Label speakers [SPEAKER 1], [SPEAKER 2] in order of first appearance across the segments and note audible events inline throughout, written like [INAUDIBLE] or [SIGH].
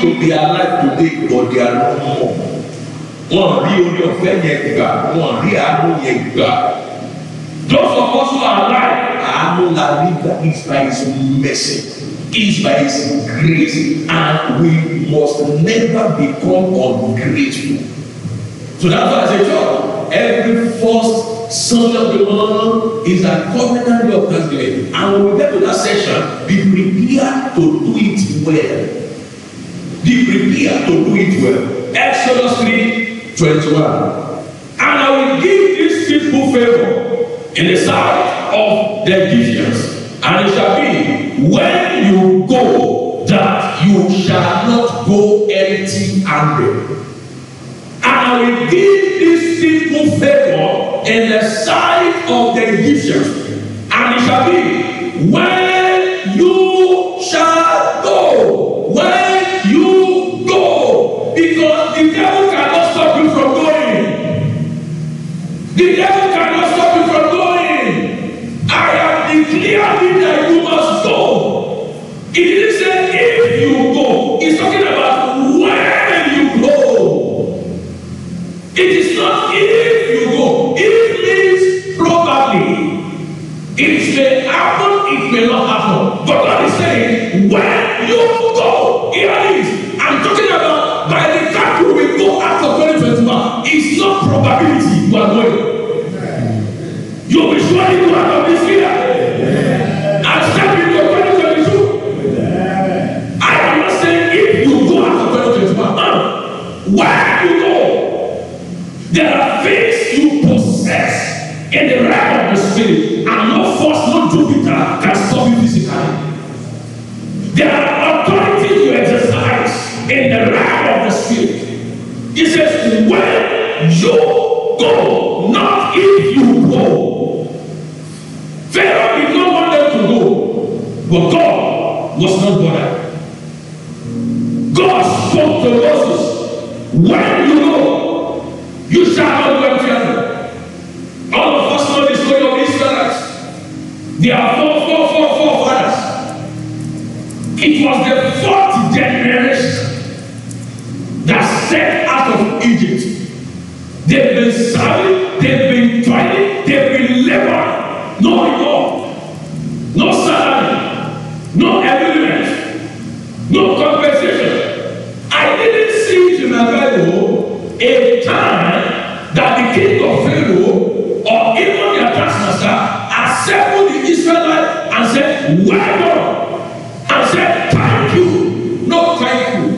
[SPEAKER 1] to be alive today but they are not more wọn rí orí ọ̀fẹ́ yẹn gbà wọn rí àánú yẹn gbà those of us who are alive àánú la rí gbà is by his mercy is by his grace and we must never become ungrateful so that's why I say church every first Sunday of the month is a covenant day of thanksgiving and when we get to that section be prepared to do it well. Be prepared to do it well. Exodus three twenty one. And I will give these people favor in the sight of the Egyptians. And it shall be when you go that you shall not go empty handed. And I will give these people favor in the sight of the Egyptians. And it shall be when you shall it may not happen. But God is saying, where you go, here it is. I'm talking about by the time we will go after 2021, it's not probability you are going. You will surely go out of this I said, thank you. No, thank you.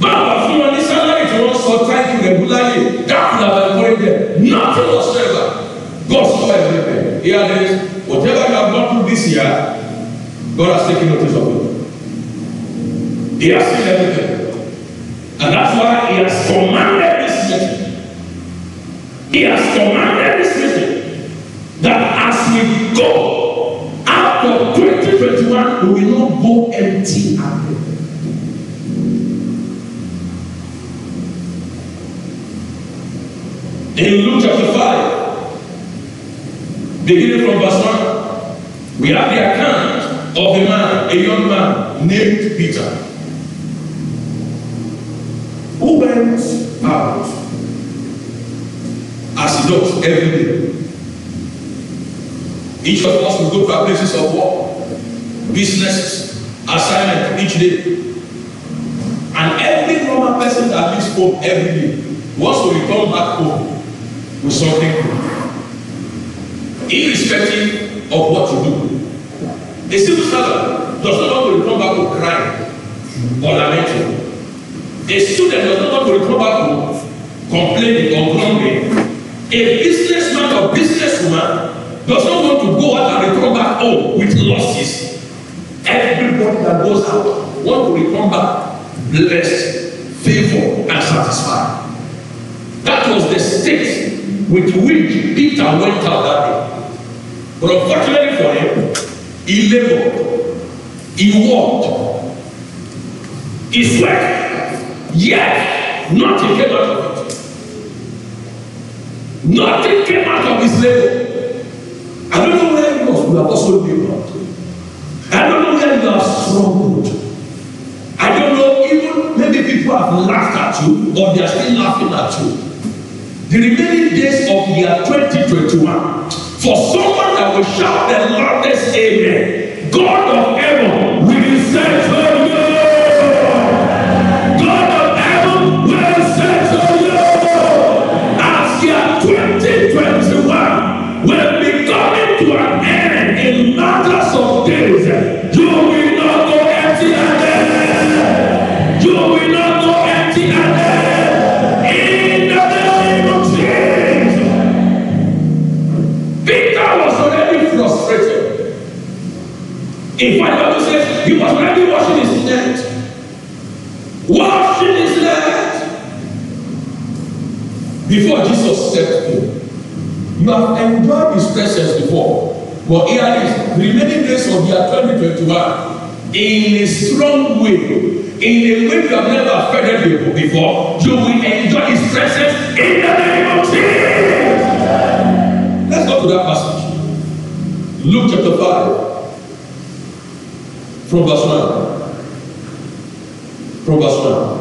[SPEAKER 1] Báwo fún wọn ní sálárì tí wọ́n sọ thank you regularly? That could have encouraged them. Nothing whatsoever. God saw everything. He had Whatever you have gone through this year, God has taken notice of it. He has seen everything. And that's why He has commanded this city. He has commanded. In Luke chapter 5, beginning from verse 1, we have the account of a man, a young man named Peter, who went out as he does every day. Each of us will go to our places of work, businesses, assignment each day. And every normal person that leaves home every day wants to return back home with something good. Irrespective of what you do. A civil servant does not want to return back to crying or lamenting. A student does not want to return back to complaining or grumbling. A businessman or businesswoman does not want to go out and return back home with losses. Everybody that goes out want to return back blessed, favored, and satisfied. That was the state with which Peter went out that day. But unfortunately for him, he labored, he walked, he sweat, yet nothing came out of it. Nothing came out of his labor. I don't know where you are, you have also labored. I don't know where you have struggled. I don't know, even maybe people have laughed at you, but they are still laughing at you the remaining days of year 2021. For someone that will shout the loudest amen, God of heaven will send her. Because maybe washing is dead. Washing is dead. Before Jesus stepped in, you have enjoyed his presence before. But here is remaining days of year 2021 in a strong way, in a way you have never affected before. You will enjoy his presence in the name of Jesus. Let's go to that passage. Luke chapter 5 from verse 1. From verse 1.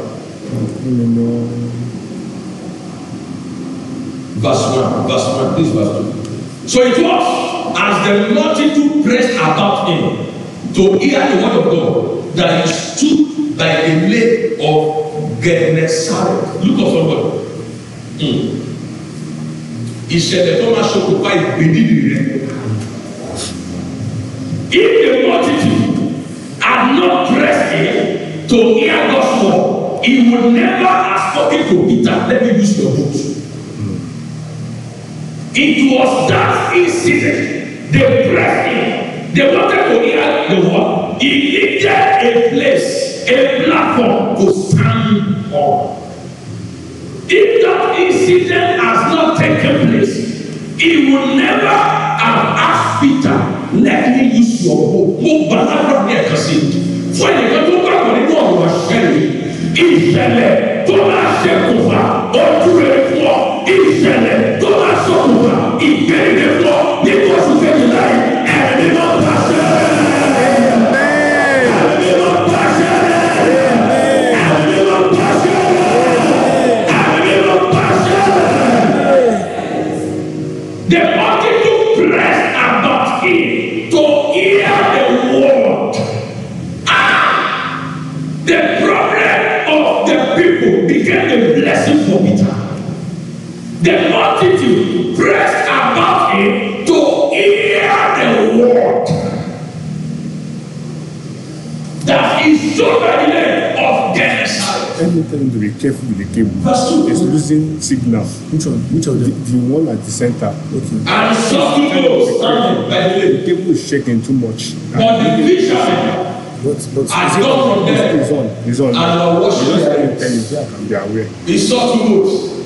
[SPEAKER 1] Verse 1. Verse 1. Please, verse 2. So it was as the multitude pressed about him to hear the word of God that he stood by the lake of Gennesaret. Look at somebody. Mm. ìṣẹ̀lẹ̀ tó máa ṣokùnfà ìgbèdìdì rẹ̀. if the multitude are not pressing to hear God's word, he would never have spoken to Peter, let me use your book. It was that incident they pressed him. They wanted to hear the word. He needed a place, a platform to stand on. If that incident has not taken place, he would never have asked Peter let me use your hope mo bala wà ní ẹ̀ka sí fún ẹ̀yẹ̀ká tó gbàgbọ́ nínú ọ̀rọ̀ àṣẹ yìí ìṣẹ̀lẹ̀ tó bá ṣe kò fà ojú careful with the cable. It's losing signal. Which one? Which of The, the one at the center. Okay. And some people standing by the lane. The cable is shaking too much. But the vision But, but I got from there. It's on. It's on. And I watched it. They are aware. He saw two boats.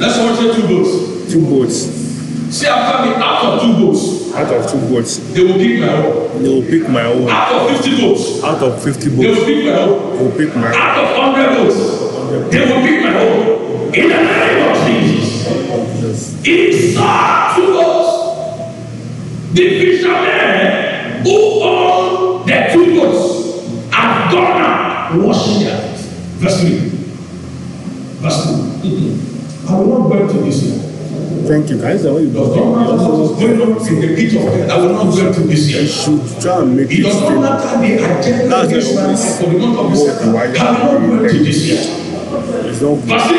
[SPEAKER 1] Let's watch it two boats. Two boats. See, after me, out of two boats. Out of two boats. They will pick my own. They will pick my own. Out of 50 boats. Out of 50 boats. They will pick my own. They will pick my own. Out of 100 boats they will be my own. In the name of Jesus. It's sad to us. The fishermen who own the two boats have gone out washing their feet. Verse 3. Verse 2. I will not go to this year. Thank you guys. How are you doing? Does not matter what is going on in the pit of hell. I will not go to this year. should try and make it. It does not matter the agenda of the month of December. I will not go to this year. Verse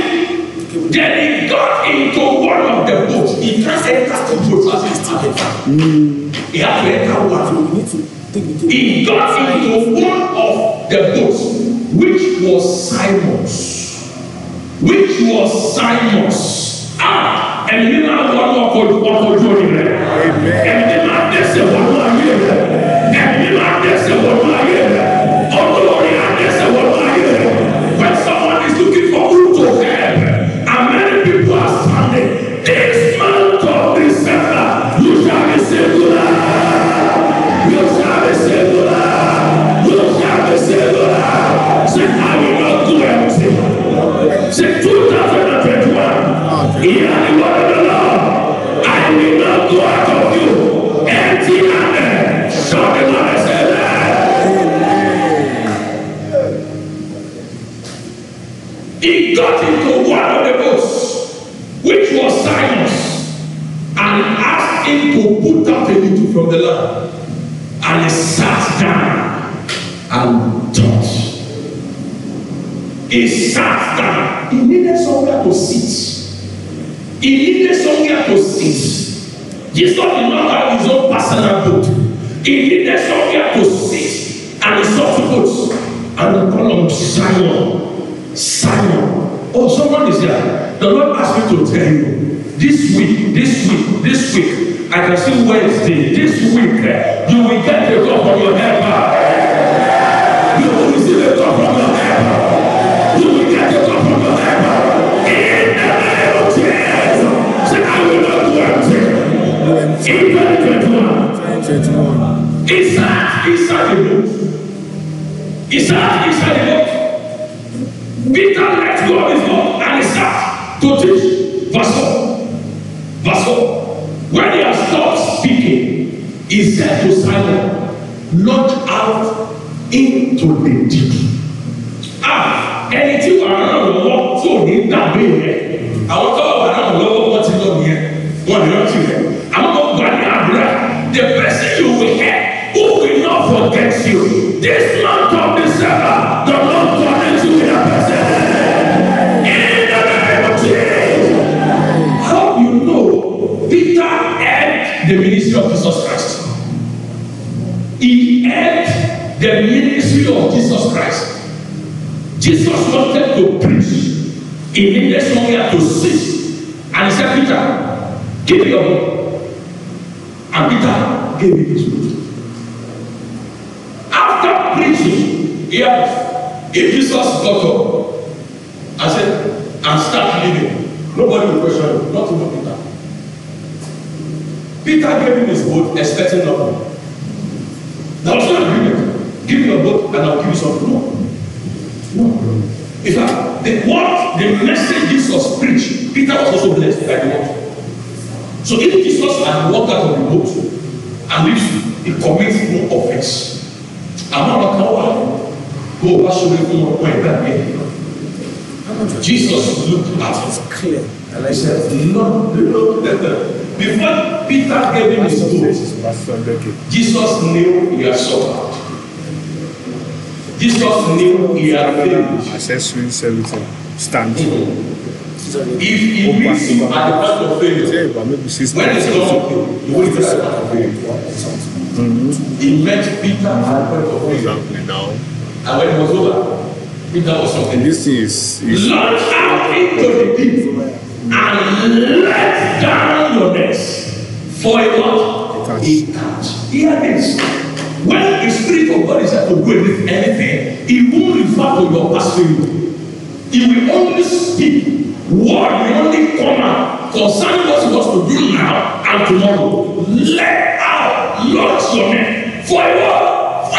[SPEAKER 1] Then he got into one of the boats. He just entered the boat as he started. Hmm. He had to enter one. He got into one of the boats, which was Simon's. Which was Simon's. Ah, and he now one more called one called Johnny. Amen. And he now this. a one more here. And he now this. a one more here.
[SPEAKER 2] Se tu estás sendo aperfeiçoado, e agora
[SPEAKER 1] somewhere to sit. He needed somewhere to sit. Jesus did not have his own personal boat. He needed somewhere to sit. And he sought boats. And he call him Simon. Simon. Oh, someone is there. The Lord asked me to tell you this week, this week, this week. I can see Wednesday. This week, eh, you will get the call from your helper. Is that is that the Is that is that the boat. Peter let go of his boat and he sat to teach. Verse 4. Verse 4. When he had stopped speaking, he said to Simon, Launch out into the deep. Ah, anything around the rán lọ́wọ́ tí that ní I rẹ̀, àwọn Jesus wanted to preach. He needed somewhere to sit. And he said, Peter, give me up. And Peter gave him his food. After preaching, he asked, if Jesus got up, I said, and start living, nobody will question him, not even Peter. Peter gave him his boat, expecting nothing. That was no agreement. Give me your boat and I'll give you something. No. No. In fact, the what the message Jesus preached, Peter was also blessed by the water. So if Jesus had walked out of the boat and if he commits no offense, I'm not kan wà bó o bá ṣoore fún ọkọ ìgbà yẹn. Jesus looked at it clear and I said, Lord, look at them. Before Peter gave him his boat, Jesus knew he had suffered. Jesus knew he had failed. Accessory servitude stand. Hmm. If he meets you at the point of failure, when it's not okay, you won't be at the point of mm-hmm. He met Peter at the point of failure. now. And when it was over, Peter was something. This is. is Launch out into the deep and let down your nets for a what? A catch. Hear this. When the Spirit of God is to do anything, He won't refer to your past failure. He will only speak Word will only come out concerning what you wants to do now and tomorrow. Let out, launch your name for a what?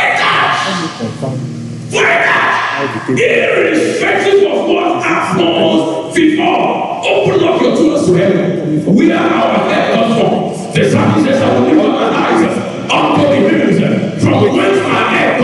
[SPEAKER 2] For a
[SPEAKER 1] Irrespective of what happens before, open up your tools to heaven. We are our head comes from. The Psalmist says, I will live on my eyes. of holy music from which I am.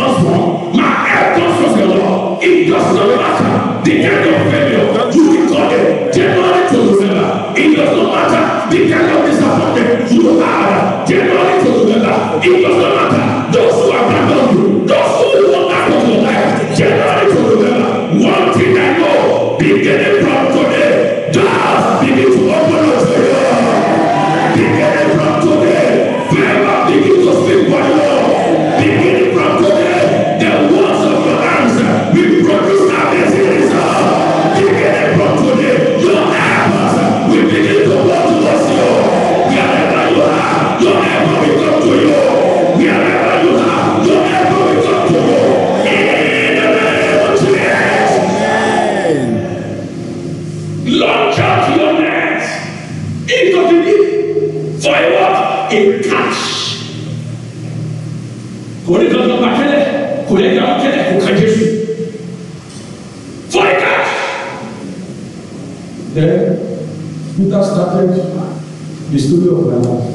[SPEAKER 1] Then Peter started the story of my life.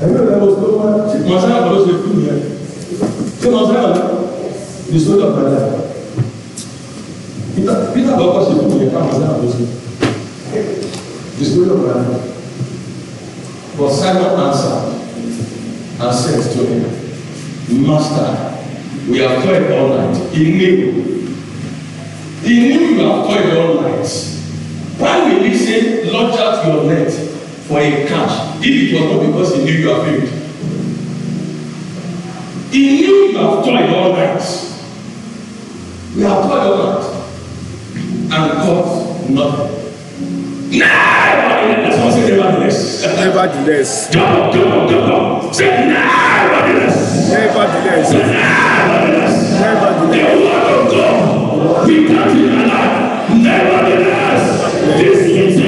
[SPEAKER 1] I remember there was no one. See, was a few here. See, Messiah, the story of my life. Peter, Peter lọ kọ́ sí fún mi ẹ̀ka Messiah was a the story of my life. But Simon answered and said to him, Master, we have toiled all night. He knew. He knew you have toiled all night. Why will he say, launch out your net for a catch? If it was not because he knew you are failed. He knew you have toiled all night. We have toiled all night and caught nothing. Never Nevertheless, nevertheless, go, go, come, go. Say nevertheless, nevertheless, nevertheless, nevertheless. The word of God, we can't deny. Nevertheless,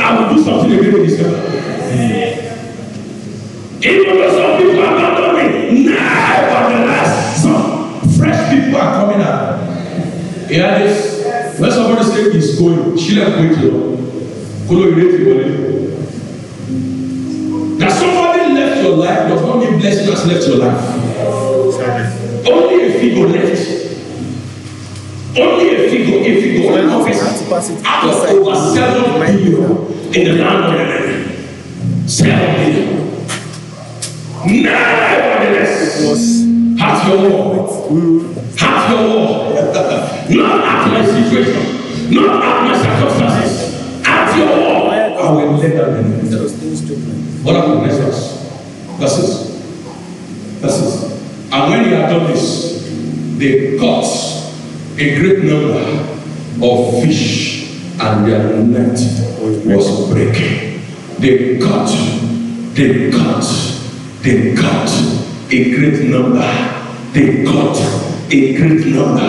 [SPEAKER 1] I will do something again in this country. Even though coming out. You hear this? When somebody says he's going, she left with you. quickly. you ireti wọlé. That somebody left your life does not mean blessing has left your life. Only a figure left. Only a figure, a figure, an office out of over seven billion in the land of the living. Seven billion. Nevertheless, has your word. At your war. Not at my situation. Not at my circumstances. At your war. I will let that in. What are the measures? Verses. Verses. And when he had done this, they caught a great number of fish and their net was breaking. They caught, they caught, they caught a great number. They caught a great number.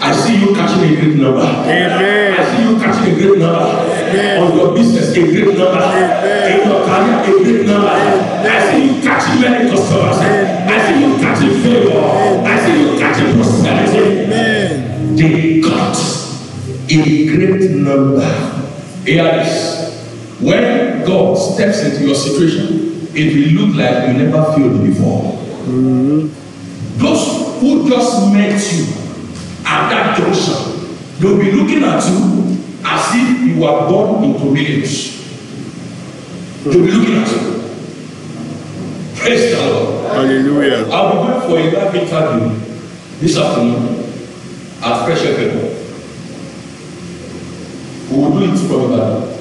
[SPEAKER 1] I see you catching a great number. Amen. I see you catching a great number. Amen. On your business, a great number. Amen. In your career, a great number. Amen. I see you catching many customers. Amen. I see you catching favor. Amen. I see you catching prosperity. Amen. They got a great number. Here is when God steps into your situation, it will look like you never failed before. Mm-hmm. Those who just met you at that junction they'll be looking at you as if you were born into millions they'll be looking at you praise the lord hallelujah i will wait for a live interview this afternoon at fresh fm we will do it from ibadan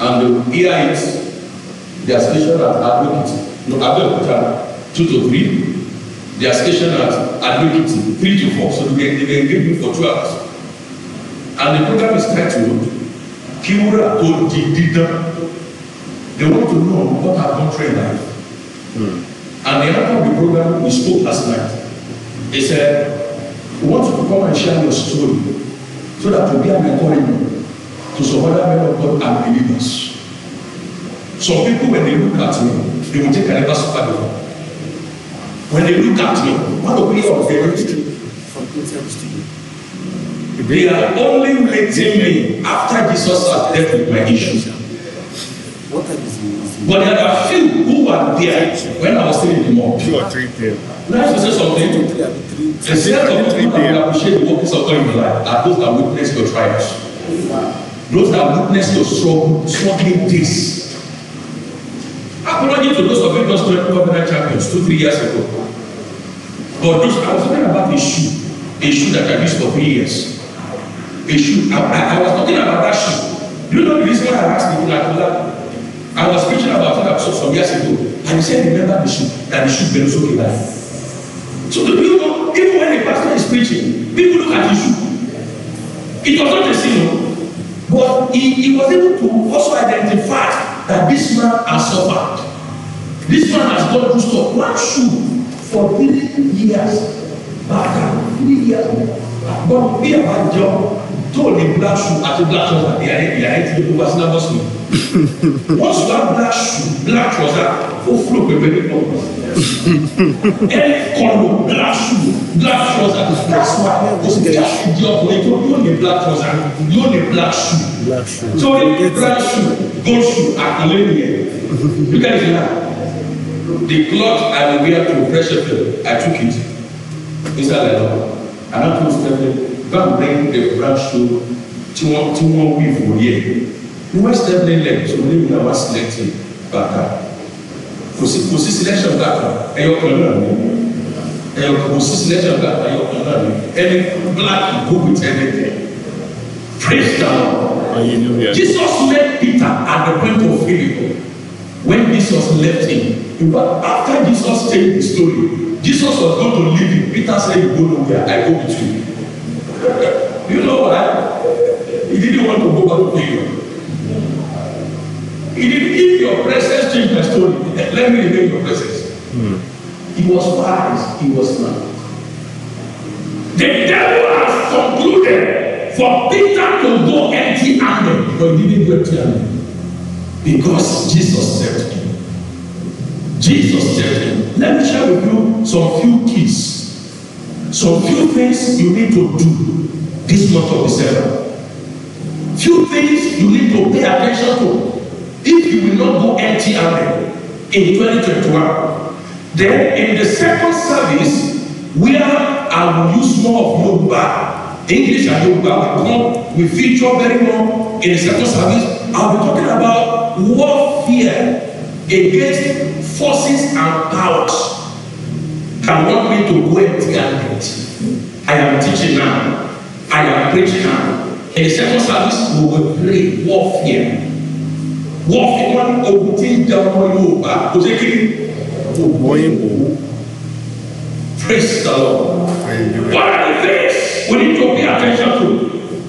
[SPEAKER 1] and they will hear it their station at abeokuta no abeokuta two to three They are stationed at Adwekiti three to four so they can were me for two hours and the program is titled Kiwura to Didida they want to know what have gone through in life hmm. and the outcome of the program we spoke last night they said we want to come and share your story so that you be an encouragement to some other men of God and believers some people when they look at me they will take an ever suffer before When they look at me, what will be of their history from Christians to you? They are only meeting me after Jesus has dealt with my issues. But there are few who were there when I was still in the mall. Two or three people. Now, to say something, the set of people that appreciate the work of God in your life are those that witness your trials, those that witness your struggle, struggling days. Apology to those of you just joined covenant champions two three years ago. But those I was talking about a shoe, a shoe that I used for three years. A shoe. I, I, was talking about that shoe. Do you know the reason why I asked people to laugh? I was preaching about it so some years ago, and he said, "Remember the shoe that the shoe belongs to God." So the people, know, even when the pastor is preaching, people look at the shoe. It was not a sin, but he, he was able to also identify that this man has suffered. This man has gone through stuff. One shoe for three years back, three years back. But we have a job, told the black shoe at the black shoe that they are here, they are here to do Basila Muslim. What's that black shoe? Black was that? Oh, flow, baby, no. Any color, black shoe, black trouser. That's why because black shoe job for it. You only black trouser. You only black shoe. Black shoe. So only black shoe, gold shoe, and millennium. You guys know. The cloth I wear to pressure field, I took it. Inside like that. And I told them, go and bring the black shoe tí wọ́n tí wọ́n wí ìwòye you must step lane left so lane na wa select bàtà kò sí kò sí selection bàtà ẹyọ kan náà ni ẹyọ kò sí selection bàtà ẹyọ kan náà ni ẹni black go with anything praise the lord jesus met peter at the point of failure when jesus left him in after jesus tell the story jesus was going to leave him peter say you go nowhere i go with you [LAUGHS] you know why he didn't want to go back to failure. He did give your presence changed my story. Let me remain your presence. Mm. He was wise, he was smart. The devil has concluded for Peter to go empty handed, but he didn't go empty handed because Jesus saved him. Jesus saved him. Let me share with you some few keys, some few things you need to do this month of December. Few things you need to pay attention to if you will not go empty-handed in 2021, then in the second service, where I will use more of Yoruba, English and Yoruba will come, we feature very more in the second service. I'll be talking about warfare against forces and powers. that want me to go empty-handed. I am teaching now. I am preaching now. In the second service, we will pray warfare wọ́n fi wọn òun tí ń da ọmọ Yorùbá kò sí kí kò bọ́yìn bò ó. Praise the Lord. What are the things we need to pay attention to?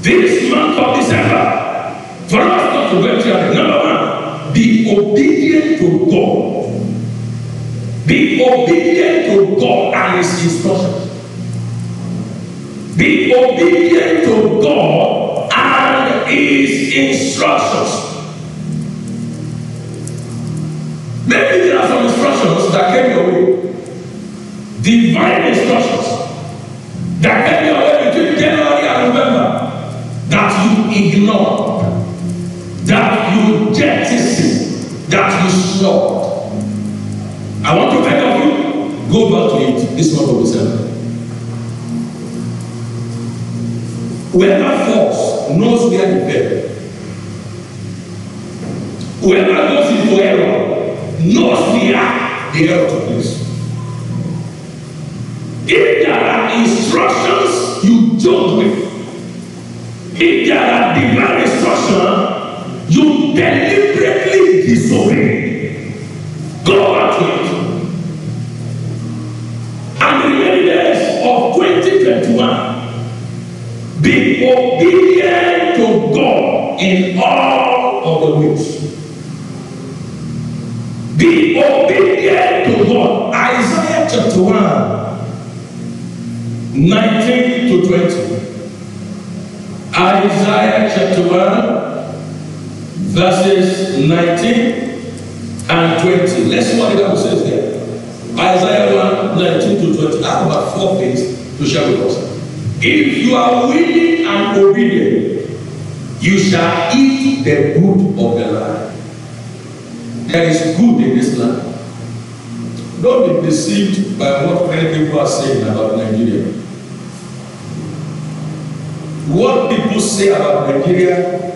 [SPEAKER 1] This month of December, for us not to get here, number one, be obedient to God. Be obedient to God and His instructions. Be obedient to God and His instructions. Maybe there are some instructions that came your way. Divine instructions that came your way between January and November that you ignore, that you jettison, that you snub. I want to beg of you, go back to it this month of December. Whoever falls knows where to beg. Whoever goes into error no fear, they have to lose. If there are instructions, you jump with. If there are divine instructions, you deliberately disobey. Go back to it. And the evidence of 2021 19 to 20. Isaiah chapter 1, verses 19 and 20. Let's see what the Bible says there. Isaiah 1, 19 to 20. I have about four things to share with us. If you are willing and obedient, you shall eat the good of the land. There is good in this land. Don't be deceived by what many people are saying about Nigeria. What people say about Nigeria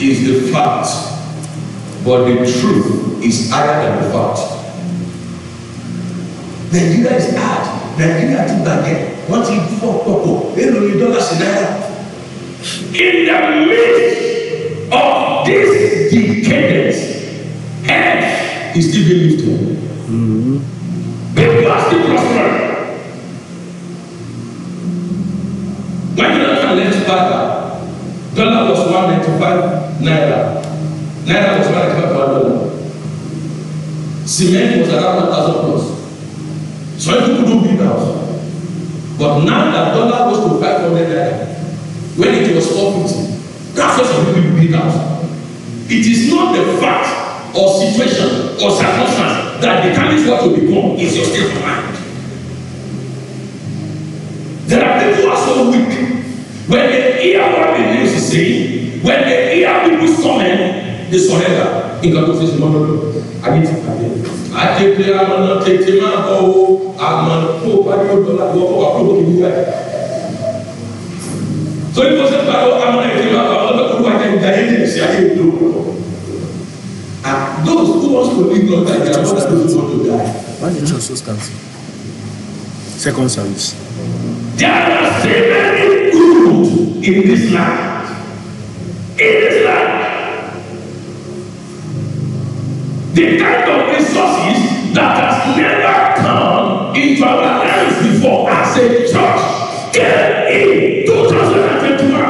[SPEAKER 1] is the fact, but the truth is higher than the fact. Nigeria is hard. Nigeria ti that Wọ́n What if pọ̀pọ̀. Èlò ni million sí náírà. In the midst of this decadence, earth is still being lifted. Mm -hmm. People are still prospering. Nigeria can left dollar. Dollar was 195 naira. Naira was 195 per dollar. Cement was around 1,000 plus. So people do big house. But now that dollar goes to 500 naira, when it was 450, that's what some people build house. It is not the fact or situation or circumstance that determines what you become, it's your state of mind. There are people When they hear what the news is saying, when they hear people summon, they surrender. Nǹkan tó fi ṣe I lọ, ayé ti pàdé. Àjẹpẹ́ amọ̀nà tètè máa bọ̀ o, àmọ̀nà tó o bá yóò dọ́là lọ, ó wà kúrò nínú ẹ̀. Torí mo ṣe pàdé amọ̀nà tètè máa bọ̀ ọ̀dọ́ kúrò àjẹ ìjà yẹn lè ṣe ayé ìlú. Those who want to live long life, they are not those who want to die. Why did you choose those Second service. They are good in this land. In this land. The kind of resources that has never come into our lives before as a church came in 2021.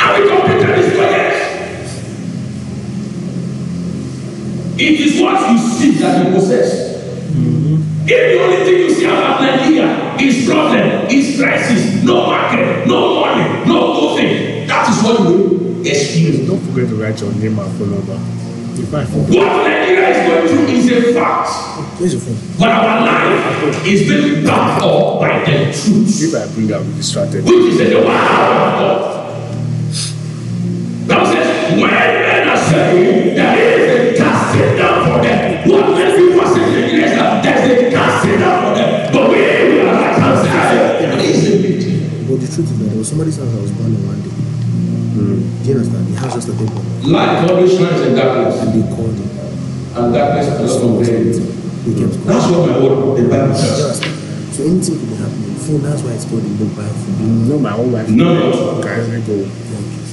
[SPEAKER 1] And we completed this project. It is what you see that you possess. Mm-hmm. If the only thing you see about Nigeria Is problem, it's crisis, no market, no money, no coffee. That is what we experience. Don't forget to write your name and phone number. What Nigeria is going through is a fact. Where's But our life is being backed up by the truth. If I bring out, we distracted. Which is the of
[SPEAKER 2] God says, when men are saying there
[SPEAKER 1] is a casting down for them. What makes you worship that There's a casting down for them. But we the truth is that there was somebody's house that was born on one day. Mm. Do you understand? The house just a started burning. Light always shines in darkness. And they called it. And darkness has cannot comprehend it. That's what my word, the Bible says. So anything could be happening. Phone, that's why it's called the book Bible. Mm. No, my own wife. No. Guys, we go. [LAUGHS]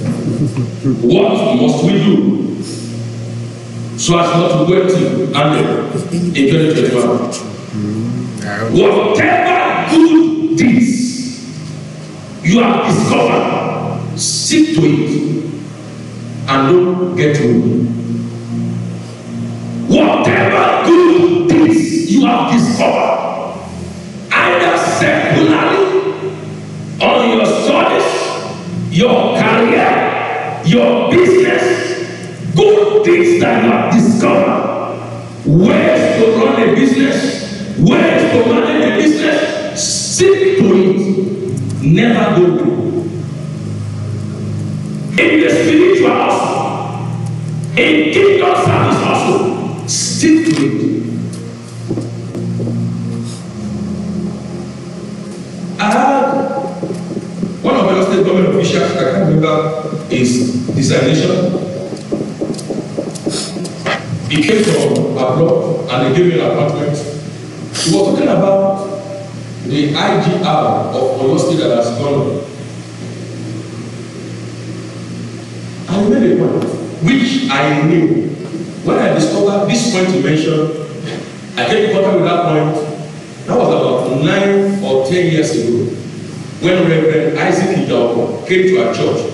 [SPEAKER 1] what must we do so as not to wait till and in 2021? Hmm. Whatever good deeds you have discovered stick to it and don't get moved whatever good things you have discovered either secularly or your studies your career your business good things that you have discovered ways to run a business
[SPEAKER 3] ways to manage a business
[SPEAKER 1] stick to it never go in the spiritual house in kingdom service also stick to it I one of Oyo last government officials I can't remember his designation he came from abroad and he gave me an apartment he was talking about the IGR of Oyo State that has gone I made a point which I knew when I discovered this point you mentioned I came in contact with that point that was about nine or ten years ago when Reverend Isaac Ijaoko came to our church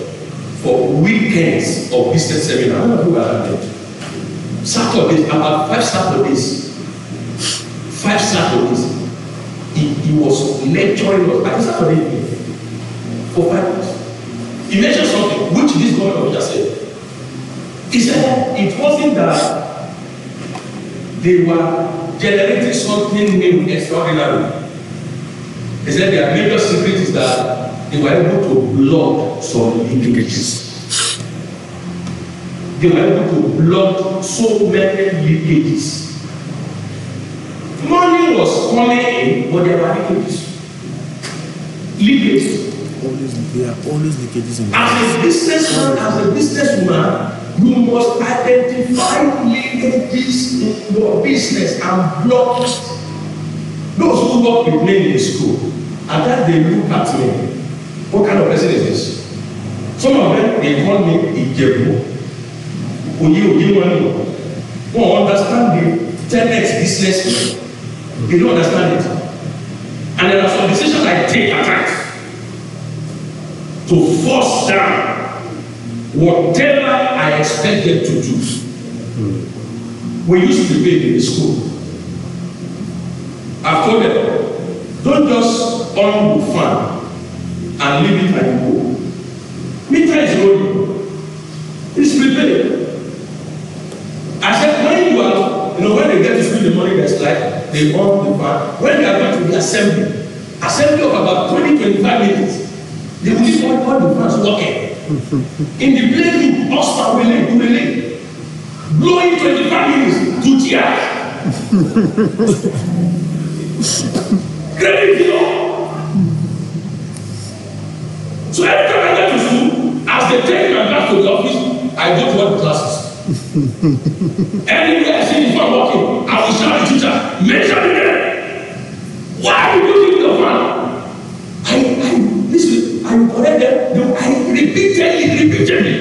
[SPEAKER 1] for weekends of business seminar I don't know who attended Saturdays about five Saturdays five Saturdays he, he was lecturing us. I just for for five months. He mentioned something which this government just said. He said it wasn't that they were generating something new extraordinary. He said their major secret is that they were able to block some linkages. They were able to block so many linkages. Money was falling in, but there were leakages. Leakages. Always, there are always leakages in As a businessman, as a businesswoman, you must identify leakages in your business and block Those who work with me in school, at that they look at me. What kind of person is this? Some of them, they call me Ijebu. Oye Oye Wani. Wọ́n understand the tenet business. You don't understand it. And there are some decisions I take at times to force down whatever I expect them to do. We used to debate in the school. I told them, don't just on the fan and leave it at the goal. Meter is rolling. It's prepared. I said, when you are, you know, when they get to spend the money that's like, they all differ. When they are going to be assembly, assembly of about 20 25 minutes, they will leave all, the plants walking In the playing, Oscar to Dumele, blowing 25 minutes to tears. Credit the So every time I get to school, as they take my back to the office, I go to one classes. Anywhere see is not walking. I will shout the teacher, mention the name. Why did you give the man? I, I, listen, I correct them. No, I repeatedly, repeatedly.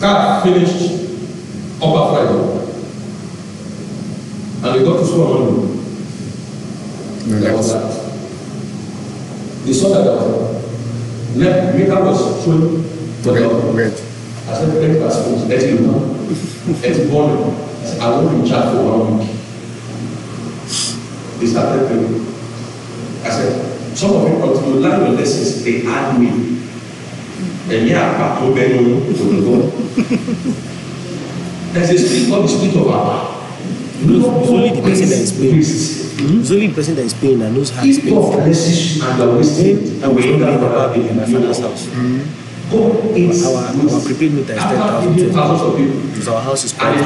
[SPEAKER 1] That finished Upper Friday. And we got to on Monday. That was that. They saw that there uh, was that. Maker was showing the other. I said, àṣẹ Let àṣẹ know. ti lò ẹ ti bọ́ọ̀lù àwọn olùjà for one week they started I said, some of them continue learn your lessons the hard way ẹ̀mí àgbà tó bẹ́nu òdòdó there There's a spirit called the spirit of our you know it's only the person that is paying
[SPEAKER 3] mm-hmm. it's only the person that is paying and knows how to pay. if God blesses you and you are wasting away that rubber in your father's house. Mm-hmm. our, our prepaid meter is 10,000
[SPEAKER 1] because our house is private.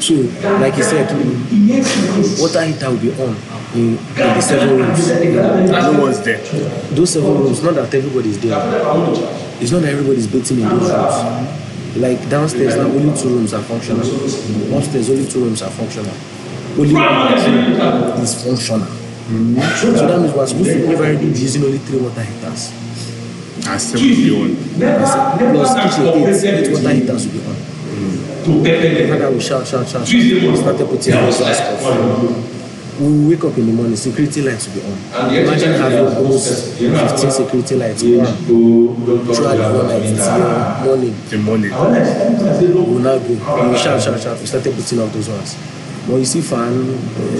[SPEAKER 1] So, like he said, water heater will be on in, in the seven rooms. No one's there. Those seven rooms, not that everybody is there. It's not that everybody is bathing in those rooms. Like downstairs, now only two rooms are functional. Upstairs, only two rooms are functional. Only one is functional.
[SPEAKER 2] So that means we're supposed to be using
[SPEAKER 1] only three water heaters. at 7 p.m. Plus, if you eat, eat water heaters will be on. To pepper them. Father will shout, shout, shout. Started putting those last stuff. We wake up in the morning, security lights will be on. Imagine having oh, those 15 security lights on throughout the whole night the morning. The morning. We will now go. We shout, shout, shout. We started putting up those ones. But you see, fan, uh,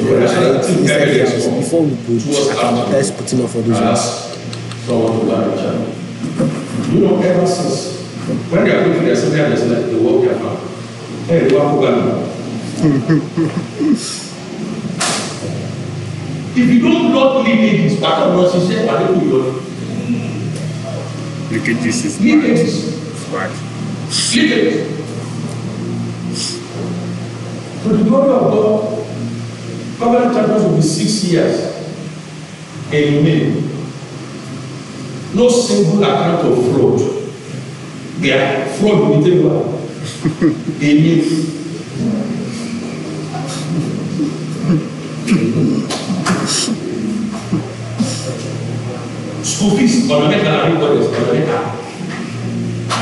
[SPEAKER 1] before we could, I can putting off for those ones do not ever cease. When they are going to the assembly and assembly, they walk their Hey, they walk over If you don't not lead ladies, back up what she said, I don't do it. Look at this is lead ladies. Smart. Lead it. So the glory of God, covenant chapters will be six years. in May no single account of fraud gbia fraud mi tẹ wa èmi school fees ọ̀nà mẹ́ta la ní gbọ́dọ̀ ọ̀nà mẹ́ta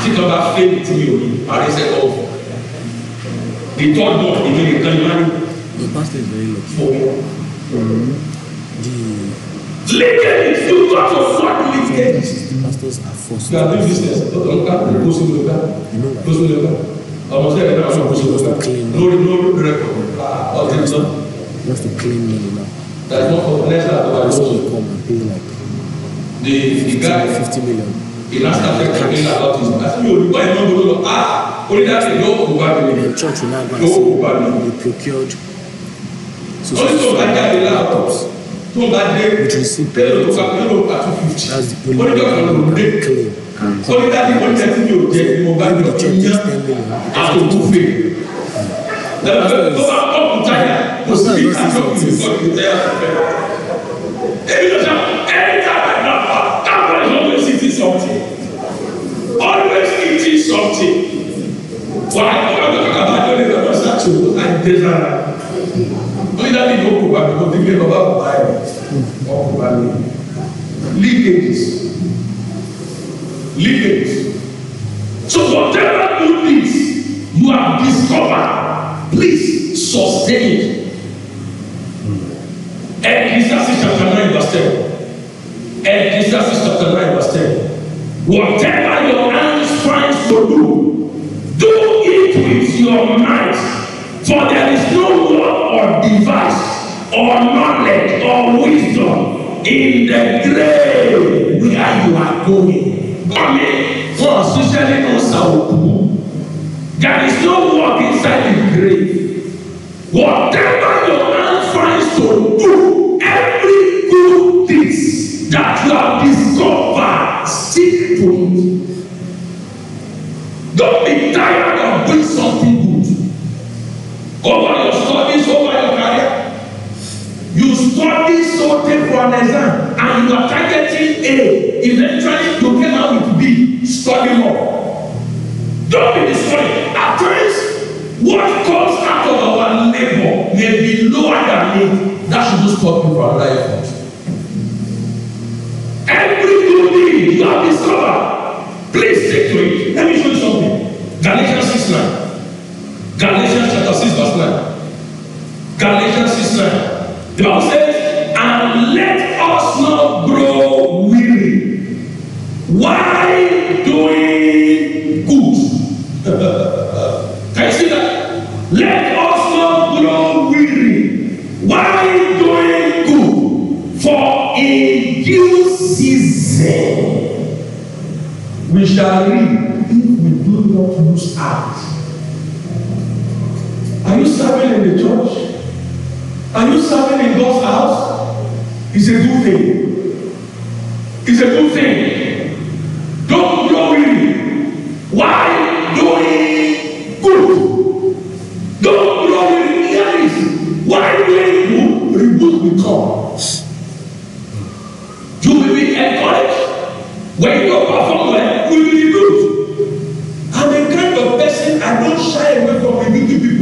[SPEAKER 1] tí kan bá fẹ́ ti yìí o yìí parí sẹ́kọ̀ ọ̀fọ̀ the third one èmi nìkan ni wọ́n ní. the Légaliste, de toute façon, soit légaliste. Tu as deux business, ton cas, pose le cas, pose le cas.
[SPEAKER 3] Alors, on sait que la personne pose le cas. No,
[SPEAKER 1] no record. Ah, ok, ça. You
[SPEAKER 3] have to claim money now. That's not for next time. That's not for
[SPEAKER 1] come and pay like. The, the guy. 50 million. He now started complaining about his. I said, you why not go to ah? Only that thing, no Oba million. The church will now go and say, they procured. So, so, so, so, so, so, so, so, so, tó bá dé tẹ́lẹ̀ tó ká yóò ká two fifty oníjọ́ kan ló dé kọ́lídà ní wọ́n tẹ́tí ní òjẹ́ ni mo bá yọ ìyá àtòkúfè tó bá ọ̀pù táyà kò sí àtòkúfè tó ti tẹ́ àtòkúfè. èmi ló sọ ẹni tá a bá yọ ọ káwọn ẹ̀rọ always it is something wà á yọ ọ̀rọ̀ kàkà bá yọ ní ìrọ̀lọ́sà tó àìdẹ́sára. onídàá ní ìdókòwò àbíkó dígbé bàbá bàbá yìí wọ́n kò bá mi leakages leakages so whatever good things you have discovered please sustain it. Hmm. Ecclesiastes chapter nine verse ten. the grave where you are going. Only for socially unsound. There is no work inside the grave. Whatever your hand finds to do, every good thing that you have. Second law. Don't be destroyed. At least what comes out of our labor may be lower than me. That should not stop you from life. Every good thing you have discovered, please stick to it. Let me show you something. Galatians 6 9. Galatians chapter 6, verse 9. Galatians 6 9. The Bible says, And let us not grow weary. Why Let us not grow weary while doing good, for in due season we shall reap if we do not lose heart. Are you serving in the church? Are you serving in God's house? It's a good thing. It's a good thing. Don't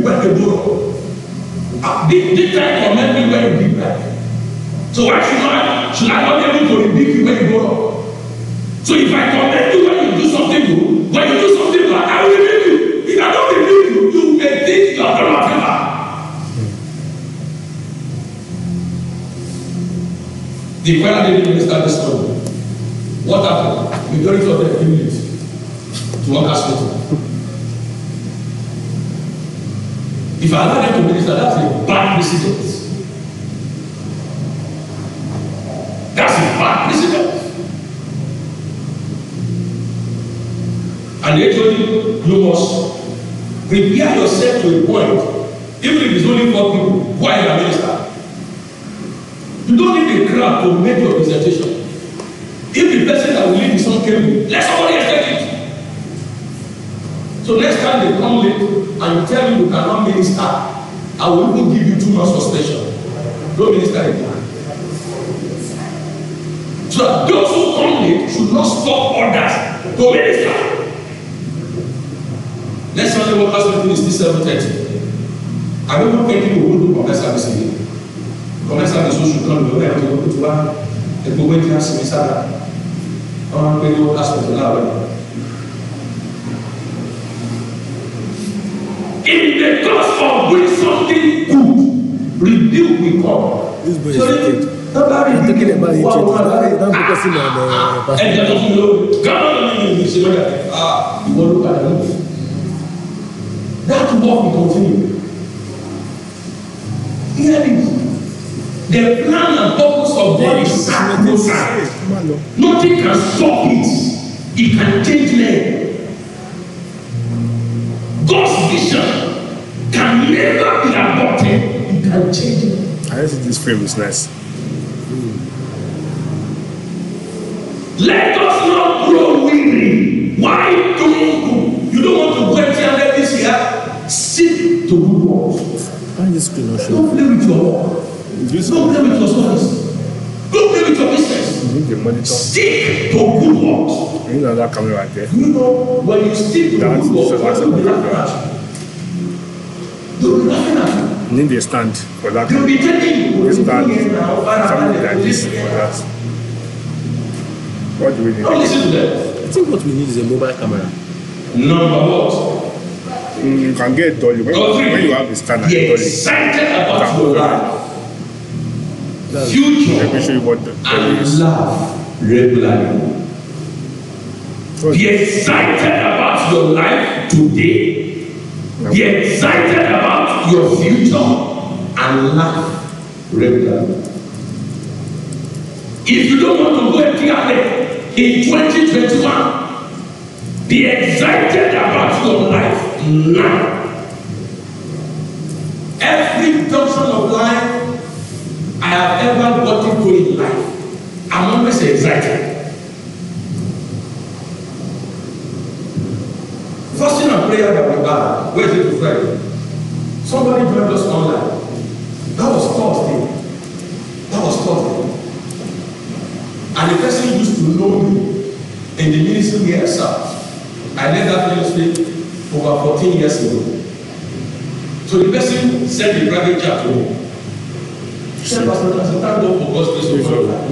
[SPEAKER 1] back the door. Uh, this, this type of where you rebuke back. So why should I should I not be able to rebuke you where you go wrong? So if I commend you when you do something good, when you do something bad, I will rebuke you. If I don't rebuke you, you may think you are the wrong man. The choir lady this morning. What happened? Majority of them came late to work hospital. If I allow them to minister, that's a bad precedent. That's a bad precedent. And they told you, must prepare yourself to a point, even if it's only four people, why you are minister. You don't need a crowd to make your presentation. If the person that will lead is not capable, let somebody else it. So next time they come late, I will tell you you cannot minister i will even give you two months suspension no minister again so that those who come late should not stop orders to minister next sunday workers meeting is still seven thirty àbí wọn kẹ́kẹ́ ní owó ní commercial business commercial business oṣù kan lóore àti ọkọ̀ tó wá ẹgbẹ́ owó ẹ̀dínlá sí mi sára wọn pẹ̀lú aṣọ ìtọ́lá ọ̀rẹ́. in the course of doing something good rebuke we come. this boy so is wicked tábàárì bí wà wà láyé dáńbùkọ́ sí náà lọ́wọ́ pásítọ̀. ẹ̀jẹ̀ tó fún lórí gánà ní ìlú ìṣẹ́wọ́dà ìwọ ló padà lọ. that work will continue. hear me the plan and purpose of God is sacrosanct nothing can stop it it can change men. changing. I don't think this frame is nice. Let us not grow weary. Why do you don't want to wait and let this year? Seek to good work. Why is this screen Don't play with your work. Don't play with your studies. Don't play with your business. You need the monitor. Stick to good works. You know that camera right there. You know when you stick to good works? you'll be laughing at you. You'll be laughing at you. And then they stand for that. They stand something like this for that. What do we need? I think what we need is a mobile camera. Number what? Mm, you can get a dolly. When, when you have a stand you a dolly, excited about your life. Future. Let me show you what the dolly is. Love regularly. Be excited about your life today. Be excited about your future and laugh regularly. If you don't want to go and empty-handed in 2021, be excited about your life now. Every portion of life I have ever gotten to in life, I'm always excited. Fasting and prayer that we have, where is it? people just online. That was Thursday. That was Thursday. And the person used to know me in the ministry we served. I left that ministry over 14 years ago. So the person sent a private chat to me. He said, Pastor, I said, thank for God's grace over your life.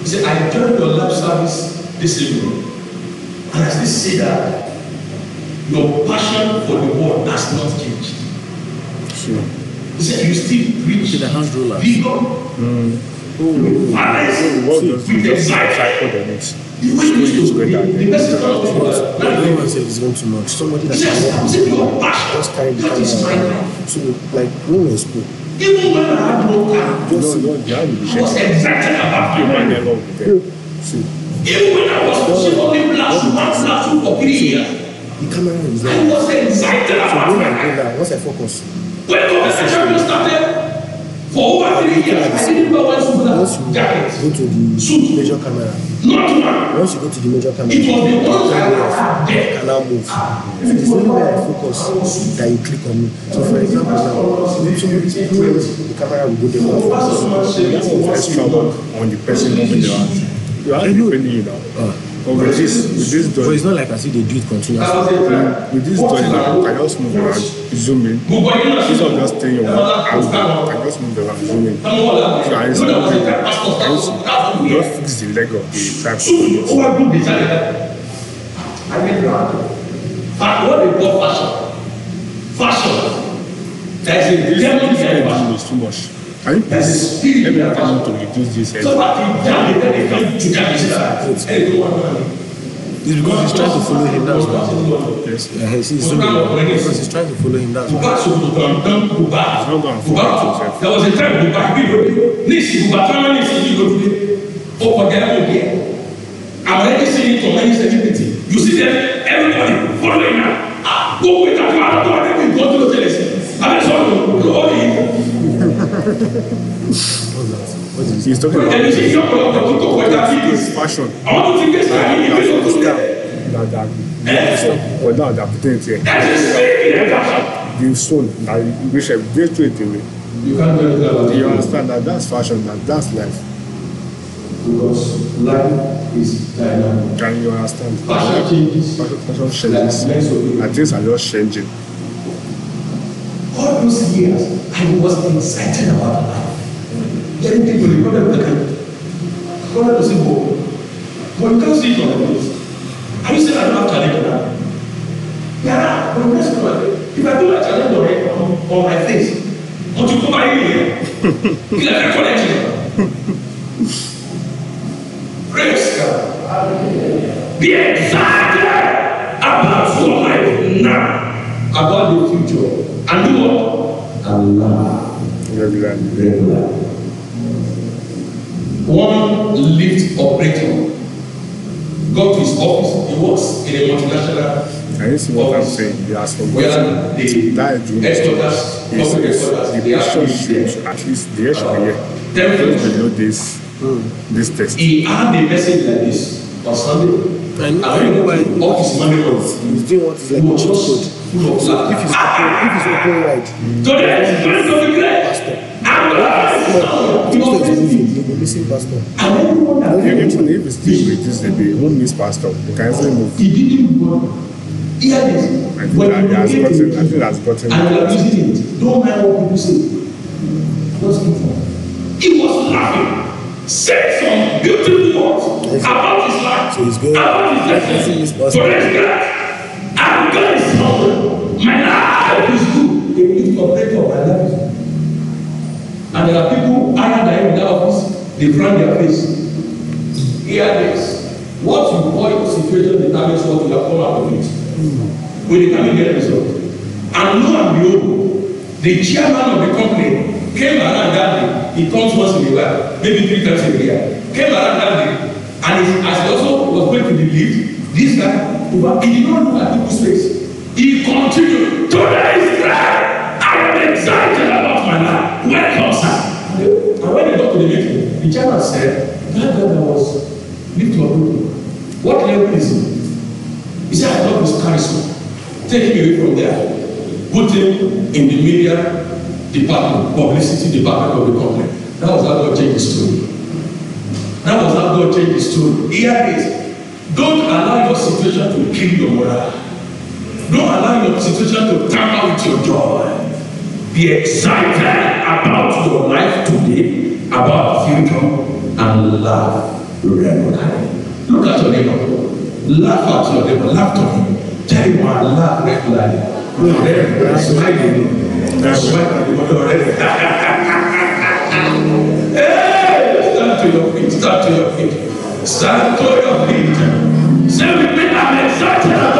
[SPEAKER 1] He said, I joined your life service this evening. And I still see that your passion for the world has not changed you. He said, You still preach to the hand ruler. Vigor. Mm. Oh, violence. Oh, oh. what does the cycle on it? The way it is greater than the best of No one said it's going too much. Somebody that yes, you want just carry the camera. So, like, when we spoke, even when I had no car, just no, no, yeah, I was exactly about you. See, even when I was pushing on the last one, last two for three
[SPEAKER 3] years, the camera is there. I was excited about it. So when I go down, once I focus, When God has champion started,
[SPEAKER 1] for over three years, I didn't buy one super jacket. Go to the Suit. major camera. Not one. Once you go to the major camera, it was the one that was there. Can now move. If it is only where I focus that you click on me. So for example, now you the camera will go there. That's the first trouble on the person moving the
[SPEAKER 3] hand. You are really, you
[SPEAKER 1] know. But this, with this drawing, but it's not like as if they do it continuously. Mm. With this drawing, I, can just move around, zoom in. Instead of just staying around, I just move around, zoom in. So I instead of doing that, just fix the leg of the tripod on this. I mean, what they fashion. Fashion. That is a different fashion. too much. Are you please? Let me ask you to reduce this head. So that he down the to get his it's because he's trying to follow him, that's why. Yes, yeah, he's, doing because he's trying to follow him, that's why. He's not going to follow himself. There was a time Bubak people, Nisi Bubak, Mama Nisi, you go today, oh, forget about here. I'm already seeing it from many celebrity. You see them, everybody following now. Ah, go with that one, Don't with that one, go to the television. And that's all, all
[SPEAKER 3] He's talking about. He's fashion. I want to think this guy. He is a good guy.
[SPEAKER 1] But now that pretends here. That is fashion. Being sold. That we should be straight away. You can't do that. You understand that that's fashion. That that's life. Because life is dynamic. Can you understand? Fashion changes. Fashion changes. And things are just changing all those years, I was excited about life. Getting people reported the country. Where does it go? But you can't see it on the news. Are you saying I don't have to on that? Yeah, but of do it. If I do a talent on it, um, on, on my face, but you come back here, you have a connection. Praise Be excited about your life now, about the future. And do Allah. Regular. One lift operator got to his office. He works in a multinational Can you see what I'm saying? He has forgotten the that June headquarters. He says the question should at least the age of a year. Just below this, mm. this text. He had a message like this on Sunday. And, and I don't know why. Office Monday morning. He's doing what is like a cheat code. If it's ah! open, if it's open right. Today, today to be great. Pastor. Pastor is moving. You'll pastor. Even if it's still with this day, won't miss pastor. You can easily move. He didn't go. Hear this. I think that has gotten. I think that's gotten. And you are using it. Don't mind what people say. What's keep on. He was laughing. Said some beautiful words about his life. So he's going. About his life. So let's go. I'm God is good. My life is good. They will of my life. And there are people higher than him in that office. They brand their face. Hear this. What you call your situation determines what you have come out of it. We determine the result. And lo and behold, the chairman of the company came around that day. He comes once in a while, maybe three times a year. Came around that day, and as he also was going to the lift, this guy he did not look at people's face. He continued. Today is great. I am excited about my life. Welcome, sir. And when he got to the meeting, the chairman said, that guy was lift your group. What level is he? He said, I love his charisma. Take him away from there. Put him in the media department, publicity department of the company. That was how God changed his story. That was how God changed his story. Here it is. Don't allow your situation to kill your morale. Don't allow your situation to tamper with your joy. Be excited about your life today, about future, and laugh regularly. Look at your neighbor. Laugh at your neighbor. Laugh to him. Tell him I laugh regularly. You're ready. You're smiling. You're smiling. You're hey! Stand to your feet. Stand to your feet. Stand to your feet.
[SPEAKER 2] Say with me, I'm excited about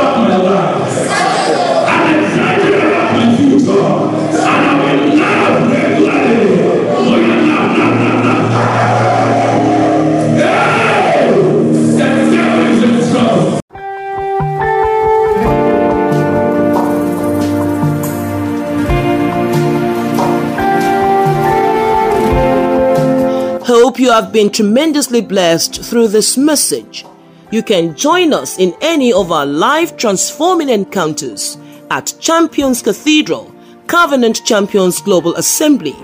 [SPEAKER 3] You have been tremendously blessed through this message. You can join us in any of our life transforming encounters at Champions Cathedral, Covenant Champions Global Assembly,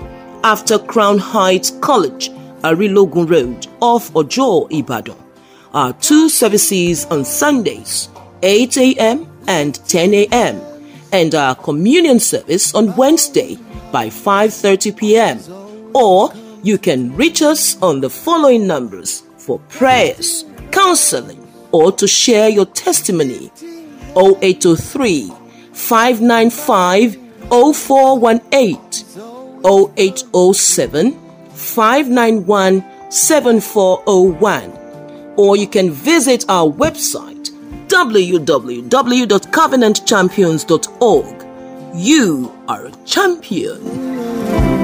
[SPEAKER 3] after Crown Heights College, Arilogun Road, off Ojo, Ibadan. Our two services on Sundays, 8 a.m. and 10 a.m., and our communion service on Wednesday by 5:30 p.m. or you can reach us on the following numbers for prayers, counseling, or to share your testimony 0803 595 0418 0807 591 7401 or you can visit our website www.covenantchampions.org. You are a champion.